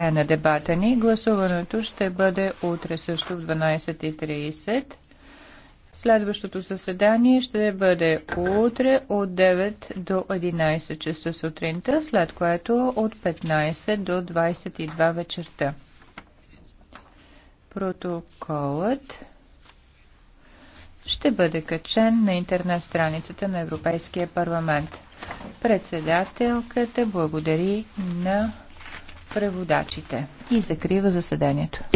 е на дебата ни. Гласуването ще бъде утре също в 12.30. Следващото заседание ще бъде утре от 9 до 11 часа сутринта, след което от 15 до 22 вечерта. Протоколът ще бъде качен на интернет страницата на Европейския парламент. Председателката благодари на преводачите и закрива заседанието.